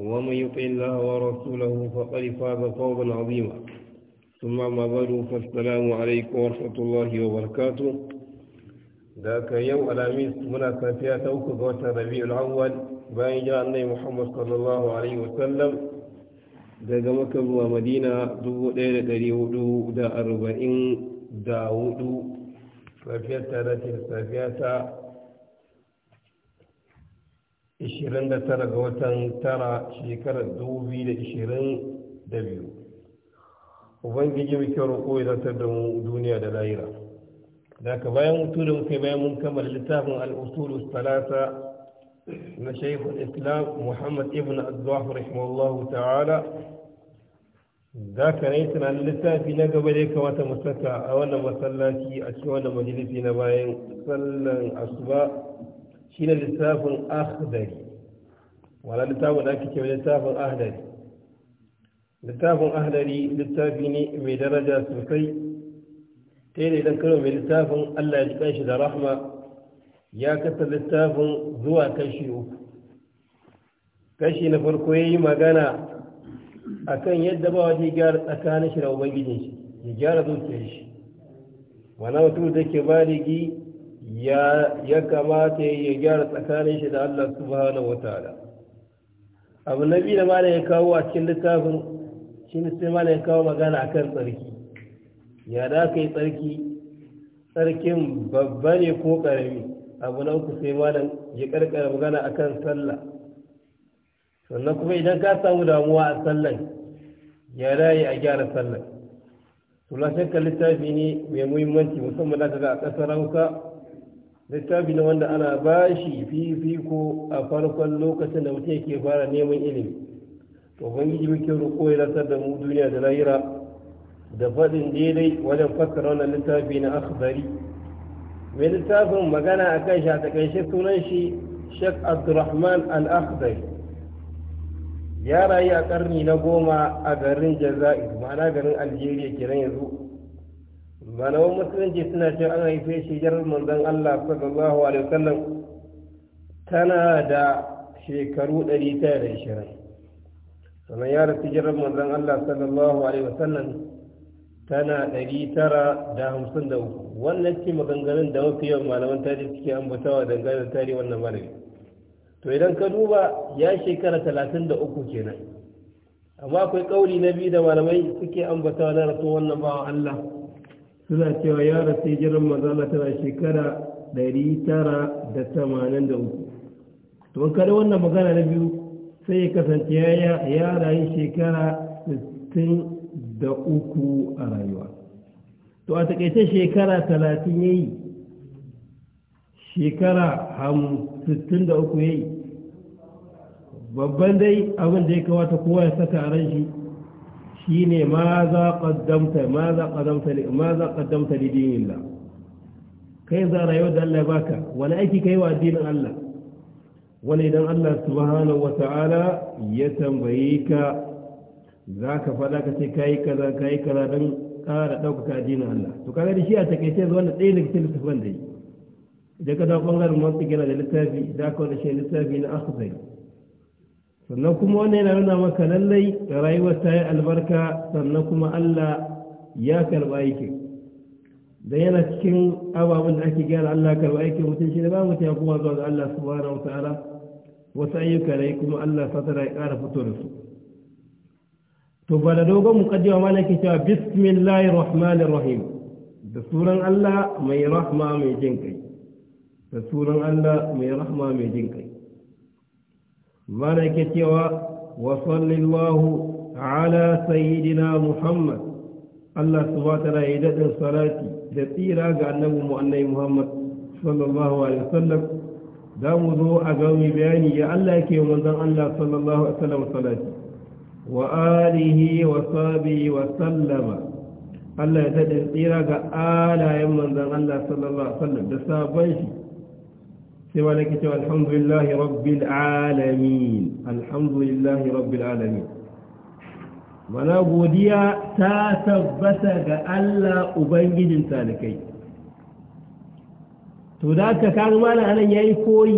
ومن يطع الله ورسوله فقد فاز فوضا عظيما ثم ما بعد فالسلام عليكم ورحمة الله وبركاته ذاك يوم الأميس منا كافية توقف وقت ربيع الأول بين جاء النبي محمد صلى الله عليه وسلم ذاك مكة ومدينة دو ليلة دريودو دا أربعين داودو كافية تارة كافية 29 ga watan tara shekarar 2022 ubangiji muke roƙo ya zartar da mu duniya da lahira da ka bayan mutu da muke bayan mun kammala littafin al'usulu talata na shaikul islam muhammad ibn abdullahi rahimahullahu ta'ala za ka yi tunanin littafi na gaba da ya kamata mu saka a wannan masallaci a cikin wannan majalisi na bayan sallan asuba shine littafin akhdari wala littafin da ake cewa littafin ahadari? littafin ahadari littafi ne mai daraja sosai ta yi idan karo mai littafin allah ya ji kanshi da rahama ya kasa littafin zuwa kashi uku kashi na farko ya yi magana a kan yadda ba wa gyara tsakanin shi da ubangijin shi ya gyara zuciyar shi wani mutum da ke baligi ya kamata ya gyara tsakanin shi da allah subhanahu wa ta'ala abu na biyu da malam ya kawo a cikin littafin shi ne sai malam ya kawo magana a kan tsarki ya da ka yi tsarki tsarkin babba ne ko ƙarami abu na uku sai malam ya ƙarƙara magana a kan sallah sannan kuma idan ka samu damuwa a sallan ya yi a gyara sallah to la littafi ne mai muhimmanci musamman da ga a ƙasar hausa littafi na wanda ana ba shi fifiko a farkon lokacin da mutum yake fara neman ilimi to ubangiji muke roƙo ya nasar da mu duniya da lahira da faɗin daidai wajen fassara wannan littafi na akhbari mai littafin magana a kan shi a takaice sunan shi sheikh abdurrahman al-akhbari ya rayu a ƙarni na goma a garin jaza'i ma'ana garin algeria kiran yanzu malaman musulunci suna cewa an haife shi hijirar manzon Allah sallallahu alaihi wasallam tana da shekaru 120 sannan ya rasu hijirar manzon Allah sallallahu alaihi wasallam tana 953 wannan ce maganganun da mafi yawan malaman tarihi suke ambatawa dangane da tarihi wannan malami to idan ka duba ya shekara 33 kenan amma akwai kauli na biyu da malamai suke ambatawa na rasu wannan bawan Allah suna cewa ya rasu hijiran mazala tana shekara 983 to kada wannan magana na biyu sai ya kasance ya rayu shekara 63 a rayuwa to a takaice shekara 30 ya yi shekara 63 ya yi babban dai abin da ya kawata kowa ya saka a ran shi shine ma za kaddamta ma za qaddamta li ma za qaddamta li dinillah kai za yau da Allah baka wani aiki kai wa addinin Allah wani idan Allah subhanahu wata'ala ya tambaye ka za ka faɗa ka ce kayi kaza kaza don ƙara ɗaukaka addinin Allah to kaga da shi a takaice zuwa na ɗaya daga cikin littafin da yi idan ka dawo ɓangaren wasu gina da littafi da aka wani shi littafi na akhzari sannan kuma wannan yana nuna maka lallai rayuwar ta yi albarka sannan kuma Allah ya karba aikin da yana cikin ababen da ake gyara Allah karba aikin mutum shi da ba mutum ya kuma zuwa ga Allah subhanahu ara, wasu ayyuka da kuma Allah satara ya ƙara fito da su to ba da dogon muƙaddima ma nake cewa bismillahir rahmanir rahim da sunan Allah mai rahma mai jin kai da sunan Allah mai rahma mai jin kai mana cewa wa sallallahu ala sayyidina muhammad Allah subhanahu wa ta'ala ya dadin salati da tsira ga annabi mu annabi muhammad sallallahu alaihi wasallam za mu zo a ga mu bayani ya Allah yake manzon Allah sallallahu alaihi wasallam salati wa alihi wa sahbihi wa sallama Allah ya dadin tsira ga alayen manzon Allah sallallahu alaihi wasallam da sabon shi سوى لك الحمد لله رب العالمين الحمد لله رب العالمين ولا بوديا تاتبتا كألا أبنجد سالكي تداك كان مالا أنا يأيكوي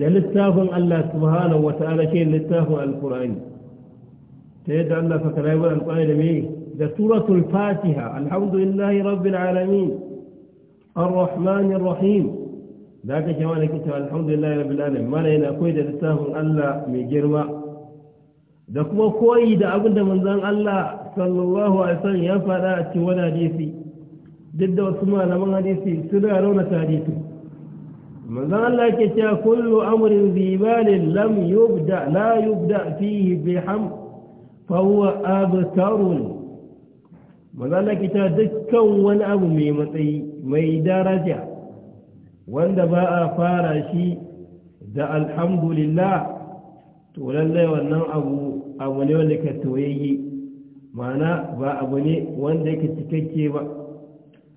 ده لستاف الله سبحانه وتعالى شيء لستاف القرآن تيد الله فكرا القرآن ده سورة الفاتحة الحمد لله رب العالمين الرحمن الرحيم ذاك جوانا كتاب الحمد لله رب العالمين ما لنا كويد لتاهم الله من جرما da kuma koyi da abin manzan Allah sallallahu alaihi ya faɗa a cikin wani hadisi duk da wasu malaman hadisi suna rauna hadisi manzon Allah ke cewa kullu amrin zibalin lam yubda la yubda fihi biham fa huwa abtarun dukkan wani abu mai matsayi mai daraja wanda ba a fara shi da alhamdulillah to lallai wannan abu abu ne wanda ka toyayye ma'ana ba abu ne wanda yake cikakke ba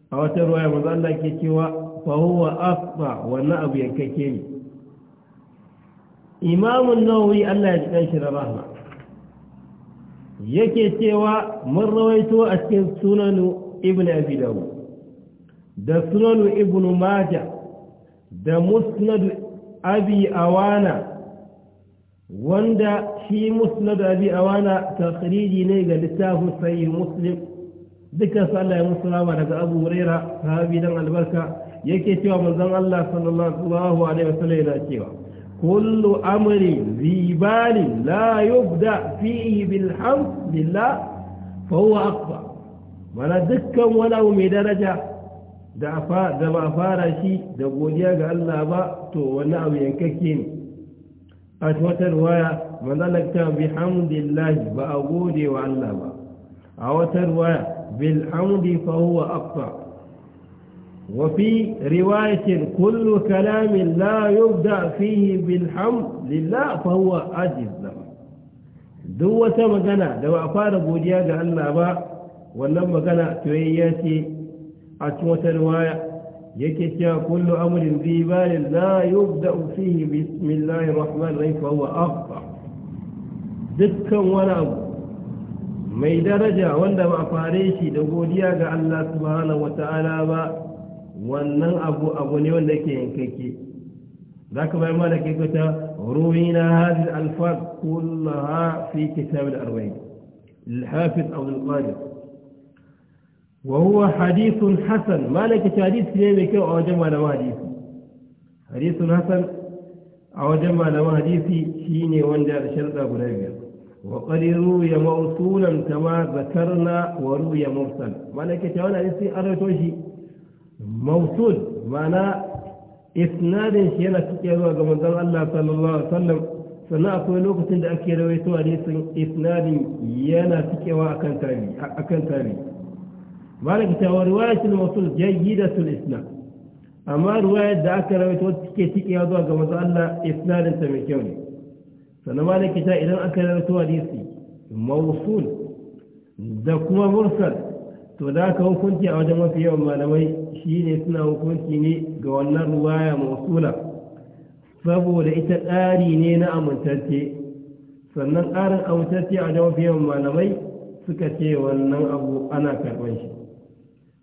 a wata ruwaya maza Allah ke cewa fahuwa afba wannan abu yankake ne imamun nawawi Allah ya cikin shi da rahma yake cewa mun rawaito a cikin sunanu ibn abi dawud da sunanu ibn maja da musnadu abi awana wanda shi musnadu abi awana takhriji ne ga littafin sayi muslim duka su Allah ya musulama daga abu huraira sahabi dan albarka yake cewa manzon Allah sallallahu alaihi wasallam yana cewa kullu amri zibali la yubda fihi bil hamd lillah fa huwa aqfa wala dukkan wala mai daraja da ba fara shi da godiya ga Allah ba to wani abu yankakke ne a wata ruwaya manzalakta bihamdillahi ba a gode wa Allah ba a wata ruwaya bilhamdi fa huwa aqsa wa fi riwayatin kullu kalamin la yubda fihi bilhamdillah fa huwa ajiz duk wata magana da ba fara godiya ga Allah ba wannan magana to yayi ce أتوتلوايا يكتيا كل أمر ذيبال لا يبدأ فيه بسم الله الرحمن الرحيم فهو أخطى ذكا ولا أبو ميدا رجع واندى مع فاريشي دقوديا قال الله سبحانه وتعالى وانا أبو أبوني واندك ينككي ذاك بعما لك يقول روينا هذه الألفاظ كلها في كتاب الأروين الحافظ أو القادر وهو حديث hadithun hasan لك حديث hadisi ne mai kyau a wajen حديث hadisi hadithun hasan a wajen malaman hadisi shine wanda da sharda guda كما ذكرنا qadiru ya ما لك zakarna wa ruya mursal malaka ta wannan hadisi an rawaito shi mausul mana isnadin shi yana cike zuwa ga sannan akwai lokacin da ake rawaito hadisin isnadin yana cikewa akan akan tabi malaka ta riwayatul mawsul jayyidatul isnad amma riwayar da aka rawaito wacce take ya zuwa ga manzo Allah isnadin ta mai kyau ne sannan ta idan aka rawaito hadisi mawsul da kuma mursal to da aka hukunci a wajen mafi yawan malamai shine suna hukunci ne ga wannan riwaya mawsula saboda ita tsari ne na amintacce sannan tsarin amintacce a wajen mafi yawan malamai suka ce wannan abu ana karɓar shi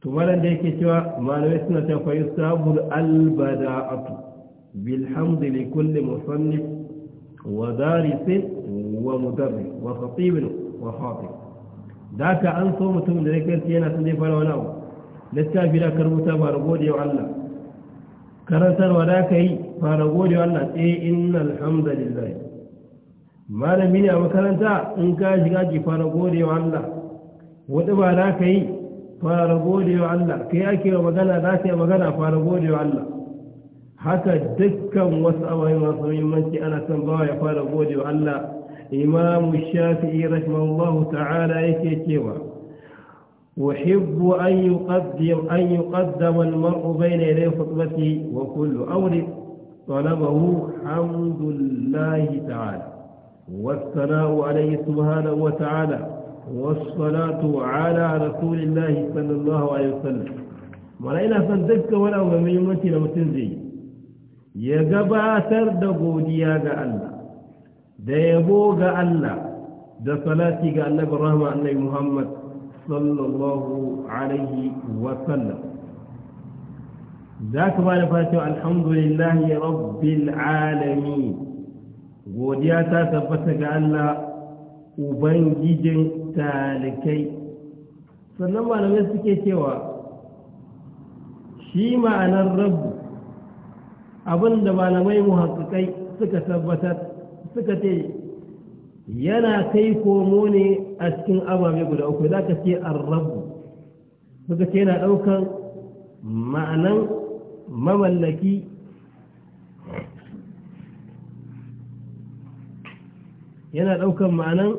to malam da yake cewa malamai suna ta fa yusabul albada'atu bil hamdi li kulli musannif wa daris wa mudarris wa khatib wa khatib da ka an so mutum da yake yana son zai fara wani abu littafi da ka rubuta ba gode wa Allah karantarwa da ka yi fara gode wa Allah Eh innal hamdalillah malami ne a makaranta in ka shiga ki fara gode wa Allah wadda ba da ka yi fara gode wa Allah kai ake wa magana za ta yi magana fara gode wa Allah haka dukkan wasu ababai masu muhimmanci ana son bawa ya fara gode wa Allah imamu shafi'i rahimahullahu ta'ala yake cewa أحب أن يقدم أن يقدم المرء بين يدي خطبته وكل أمر طلبه حمد الله تعالى والثناء عليه سبحانه وتعالى والصلاة على رسول الله صلى الله عليه وسلم malaina son dukkan wani abu mai muhimmanci da mutum zai ya gabatar da godiya ga Allah da yabo ga Allah da salati ga annabi rahma annabi Muhammad sallallahu alaihi wa sallam za ka ba da fatan alhamdulillahi rabbil alamin godiya ta tabbata ga Allah ubangijin talikai sannan malamai suke cewa shi ma'anar rabu abin da malamai muhakkakai suka tabbatar suka ce yana kai komo ne a cikin ababe guda uku za ka ce an rabu suka ce yana ɗaukan ma'anan mamallaki yana ɗaukan ma'anan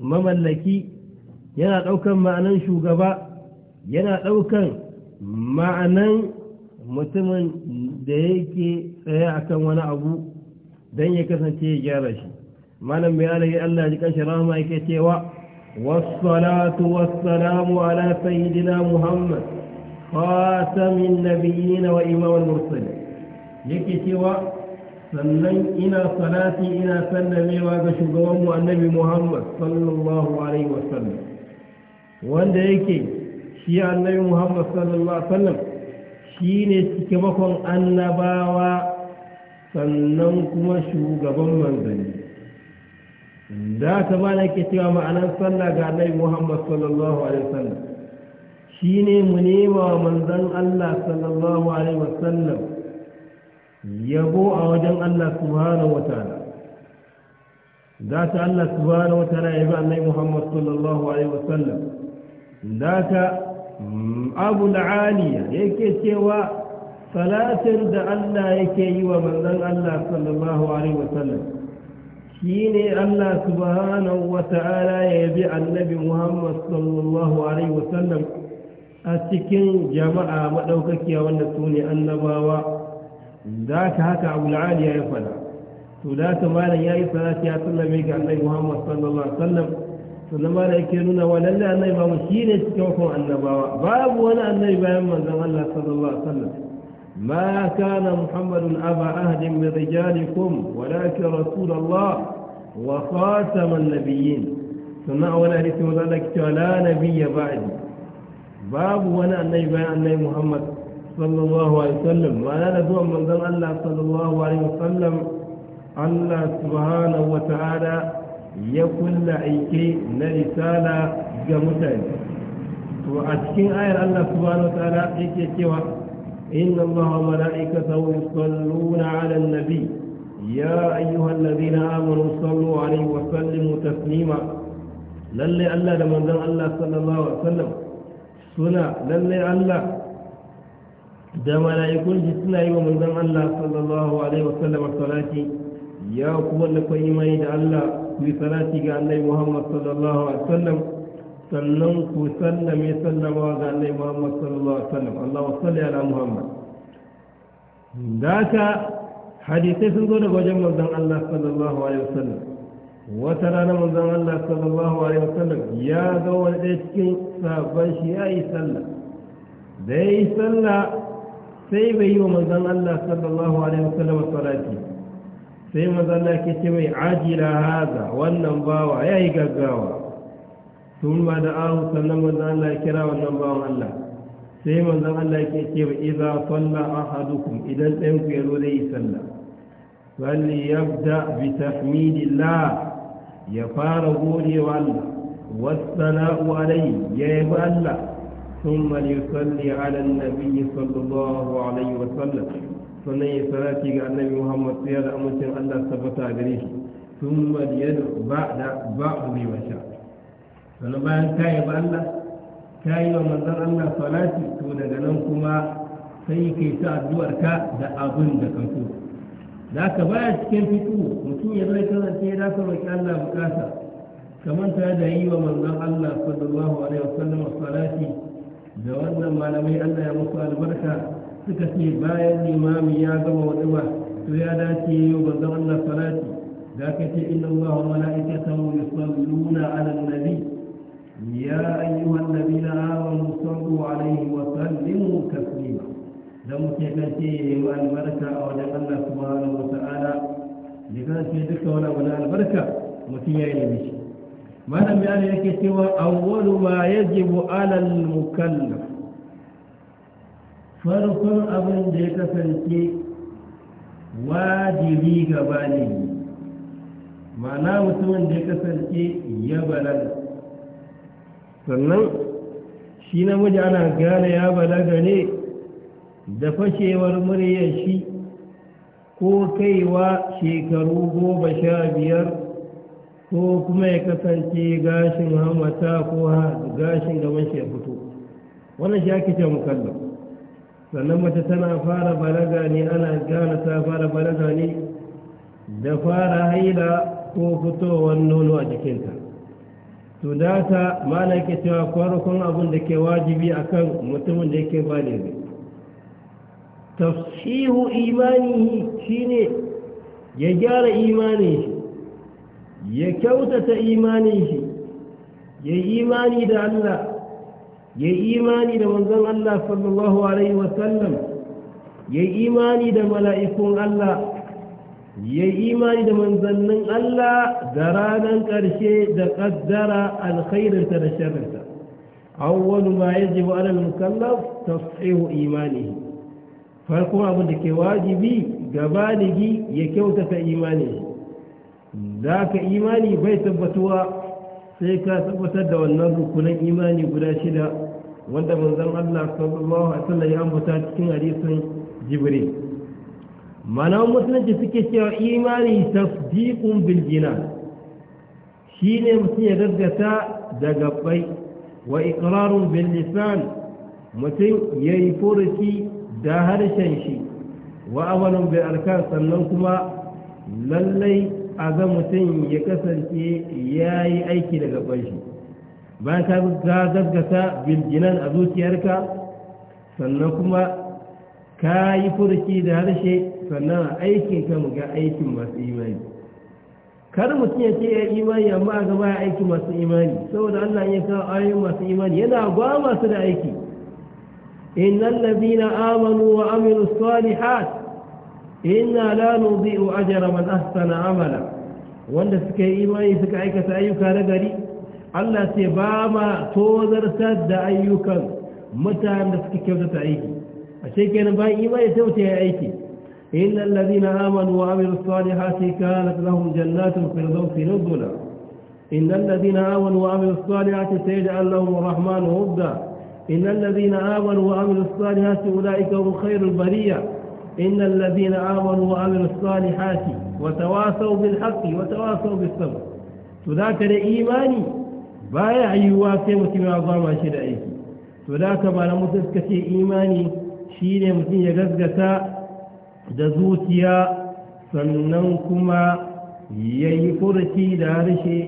mamallaki yana ɗaukan ma'anan shugaba yana ɗaukan ma'anan mutumin da yake tsaye akan wani abu don ya kasance ya gyara shi malam bai alayi Allah ji kan shirama yake cewa wassalatu wasalamu ala sayyidina muhammad khatamin nabiyina wa imamul mursalin yake cewa sannan ina salati ina sallamewa ga shugabanmu annabi muhammad sallallahu alaihi wasallam wanda yake shi annabi muhammad sallallahu alaihi wasallam shi ne makon annabawa sannan kuma shugaban manzanni da ta ba na ke cewa ma'anar sallah ga annabi muhammad sallallahu alaihi wasallam shi ne mu nema wa manzan allah sallallahu alaihi wasallam yabo a wajen allah subhanahu wa ta'ala ذات الله سبحانه وتعالى عبان نبي محمد صلى الله عليه وسلم ذات أبو العالية يكتوى صلاة دا الله يكي ومن ذن الله صلى الله عليه وسلم شيني الله سبحانه وتعالى يبيع النبي محمد صلى الله عليه وسلم أسكن جماعة مدوكك يا ونسوني النباوة ذاك هكا أبو العالية يفعل to da haka malam ya yi salati ya sallame ga annabi muhammad sallallahu alaihi wasallam sannan malam yake nuna wa lalle annabi ba mu shi ne cikin hukun annabawa babu wani annabi bayan manzon allah sallallahu alaihi wasallam ما كان محمد أبا أهد من رجالكم ولكن رسول الله وخاتم النبيين سمع ولا رسم ذلك لا نبي بعد باب وانا النبي بان النبي محمد صلى الله عليه وسلم ما لا نزوى من ذن الله صلى الله عليه وسلم Allah subhanahu wa ta'ala ya kulla aike na risala ga mutane to a cikin ayar Allah subhanahu wa ta'ala yake cewa inna Allah wa mala'ikatahu yusalluna 'ala an-nabi ya ayyuhalladhina amanu sallu 'alaihi wa sallimu taslima lalle Allah da manzon Allah sallallahu alaihi wasallam suna lalle Allah da mala'ikun suna yi wa manzon Allah sallallahu alaihi wasallam salati ya kuma nufin imani da Allah ku yi salati ga annabi Muhammad sallallahu alaihi wasallam sannan ku sallame sallama ga annabi Muhammad sallallahu alaihi wasallam Allahu salli ala Muhammad daka hadisai sun zo daga wajen manzon Allah sallallahu alaihi wasallam wata rana manzon Allah sallallahu alaihi wasallam ya ga wani ɗaya cikin sabon shi ya yi sallah da ya yi sallah sai bai yi wa manzon Allah sallallahu alaihi wasallam salati sai mazalla ke ce mai ajila haza wannan bawa ya yi gaggawa tun ma da ahu sannan manzan Allah kira wannan bawan Allah sai manzan Allah ke ce ba iza sonna salla ahadukum idan ɗayan ku ya zo zai yi wani ya da bita midila ya fara godewa Allah wasana'u alayhi ya yi ba Allah ثم ليصلي على النبي nabi sallallahu alaihi wasallam sannan ya sarati ga annabi muhammad sai da amincin allah tabbata gare shi sun maliyadu ba da ba mai sha. sannan bayan kayi ba allah kayi wa manzan allah salati to daga nan kuma sai kai ta ka da abin da ka so da ka baya cikin fito mutum ya zai kasance ya dafa roƙi allah bukata kamar ta da yi wa manzan allah sallallahu alaihi wasallam salati da wannan malamai allah ya musu albarka suka ce bayan limami ya gama waduwa to ya dace yi wa manzon Allah salati da aka ce inna Allah wa mala'ikatahu yusalluna 'alan nabi ya ayyuhan nabiyina amanu sallu 'alaihi wa sallimu taslima da muke kan ce yayi albarka a wajen Allah subhanahu wa ta'ala da kan ce duka wani abu na albarka mutum ya yi mishi malam ya ne yake cewa awwalu ma yajibu 'alal mukallaf farkon abin da ya kasance wajibi gaba ne, ma'ana mutumin da ya kasance ya balaga sannan shi namiji ana gane ya balaga ne da fashewar muryar shi ko kaiwa shekaru goma sha biyar ko kuma ya kasance gashin hamata ko gashin gaban shi ya fito wannan shi ake ce sannan mace tana fara balaga ne ana gane ta fara balaga ne da fara haila ko fitowar nono a jikinta to data mana ke cewa farkon abin da ke wajibi akan mutumin da yake ne tafsihu imanihi shine ya gyara imanin shi ya kyautata imanin shi ya imani da Allah ya yi imani da manzon Allah sallallahu alaihi wasallam ya yi imani da mala'ikun Allah ya yi imani da manzannin Allah da ranar ƙarshe da ƙaddara alkhairinta da sharrinta awwalu ma wa ala al-mukallaf tashihu imani, farko abin da ke wajibi ga baligi ya kyautata imani za ka imani bai tabbatuwa sai ka tabbatar da wannan rukunan imani guda shida wanda manzon Allah sallallahu alaihi wasallam ya ambata cikin hadisin Jibril mana musulunci suke cewa imani tasdiqun bil jinan shine mutum ya gaggata da gabbai wa iqrarun bil lisan mutum ya yi furuci da harshen shi wa amalun bil arkan sannan kuma lallai a ga mutum ya kasance ya yi aiki daga ƙwanshi ba ka gaggata bilginan a zuciyarka sannan kuma ka yi furuki da harshe sannan aikinka mu ga aikin masu imani kar mutum ya ce ya imani amma a gaba ya aiki masu imani saboda allah ya kawo ayoyin masu imani yana gwa masu da aiki innan labina amanu wa amilu salihat inna la nudhi'u ajra man ahsana amala wanda suka yi imani suka aikata ayyuka na gari Allah ce ba ma tozartar da ayyukan mutanen da suka kyautata aiki a shekenan bayan imani sai wuce ya aiki إن الذين آمنوا وعملوا الصالحات كانت لهم جنات الفردوس نزلا إن الذين آمنوا وعملوا الصالحات سيجعل لهم الرحمن ودا إن الذين آمنوا وعملوا الصالحات أولئك هم خير البرية إن الذين آمنوا وعملوا الصالحات وتواصوا بالحق وتواصوا بالصبر تذاك لإيماني بايع يواسي أيوة متما عظام شرائه تذاك ما نمتسك في إيماني شيني متن يغزغة دزوتيا سننكما ييفرتي دارشي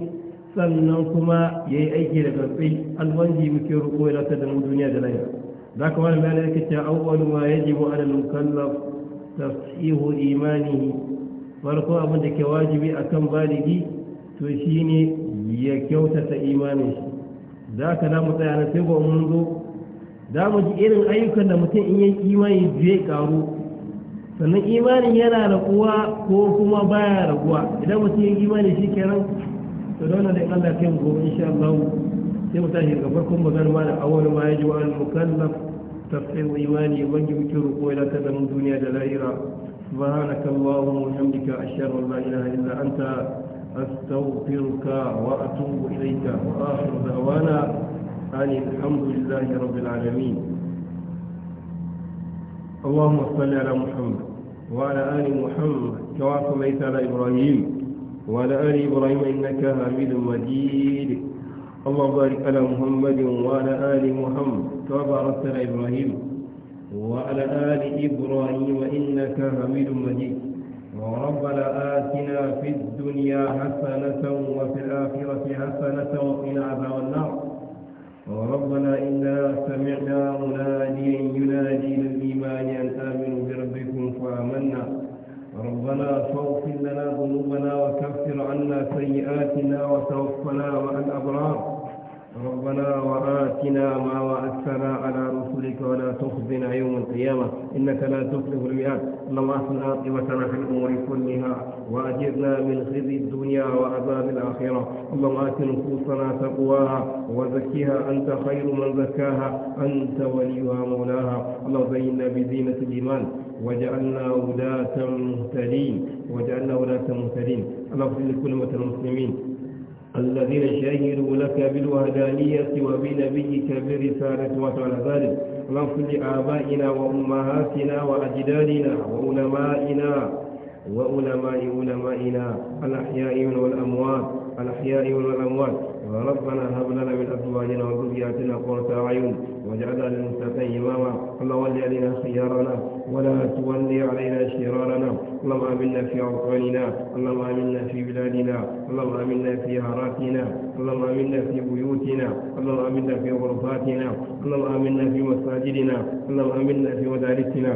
سننكما ييأيكي لقبي الوانجي مكيرو قوي لك دمو دنيا دلائه ذاك وانا مالك أول ما يجب على المكلف tasihu imani farko abin da ke wajibi akan baligi to shine ya kyautata imanin shi da ka za mu ji irin ayyukan da mutum in yi imani zai karu sannan imanin yana raguwa ko kuma baya raguwa idan mutum yin imani shi kenan to da wannan da Allah kai mu insha Allah sai mu tashi ga farkon magana ma da awwal ma yaji wa al-mukallaf تفقه إيماني وانجمكر ولا تدم دنيا دلائرا سبحانك اللهم وحمدك أشهد أن لا إله إلا أنت أستغفرك وأتوب إليك وآخر دعوانا أن الحمد لله رب العالمين اللهم صل على محمد وعلى آل محمد كما صليت على إبراهيم وعلى آل إبراهيم إنك حميد مجيد اللهم بارك على محمد وعلى آل محمد كما باركت على إبراهيم وعلى آل إبراهيم إنك حميد مجيد وربنا آتنا في الدنيا حسنة وفي الآخرة حسنة وقنا عذاب النار ربنا إنا سمعنا مناديا ينادي للإيمان أن آمنوا ربنا فاغفر لنا ذنوبنا وكفر عنا سيئاتنا وتوفنا مع الأبرار ربنا وآتنا ما وعدتنا على رسلك ولا تخزنا يوم القيامة إنك لا تخلف المئات اللهم أحسن عاقبتنا في الأمور كلها وأجرنا من خزي الدنيا وعذاب الآخرة اللهم آت نفوسنا تقواها وزكها أنت خير من زكاها أنت وليها مولاها اللهم زينا بزينة الإيمان وجعلنا ولاة مهتدين وجعلنا ولاة مهتدين اللهم اغفر لكل المسلمين الذين شهدوا لك بالوهدانية وبنبيك بالرسالة وعلى ذلك واغفر لآبائنا وأمهاتنا وأجدادنا وعلمائنا وعلماء علمائنا الأحياء والأموات الأحياء والأموات ربنا هب لنا من أزواجنا وذرياتنا قرة أعين واجعلنا للمتقين إماما اللهم ول علينا خيارنا ولا تولي علينا شرارنا اللهم آمنا في أوطاننا اللهم آمنا في بلادنا اللهم آمنا في هاراتنا اللهم آمنا في بيوتنا اللهم آمنا في غرفاتنا اللهم آمنا في مساجدنا اللهم آمنا في مدارسنا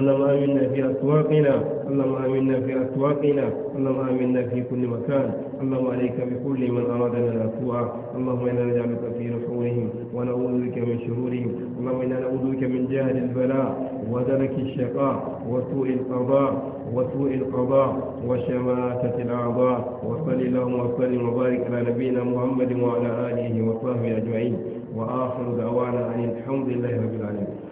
اللهم آمنا في أسواقنا اللهم آمنا في أسواقنا اللهم آمنا في كل مكان اللهم عليك بكل من أرادنا الأسوء اللهم إنا نجعلك في نحورهم ونعوذ بك من شرورهم اللهم إنا نعوذ بك من جهل البلاء ودرك الشقاء وسوء القضاء وسوء القضاء وشماتة الأعضاء وصل اللهم وسلم وبارك على نبينا محمد وعلى آله وصحبه أجمعين وآخر دعوانا أن الحمد لله رب العالمين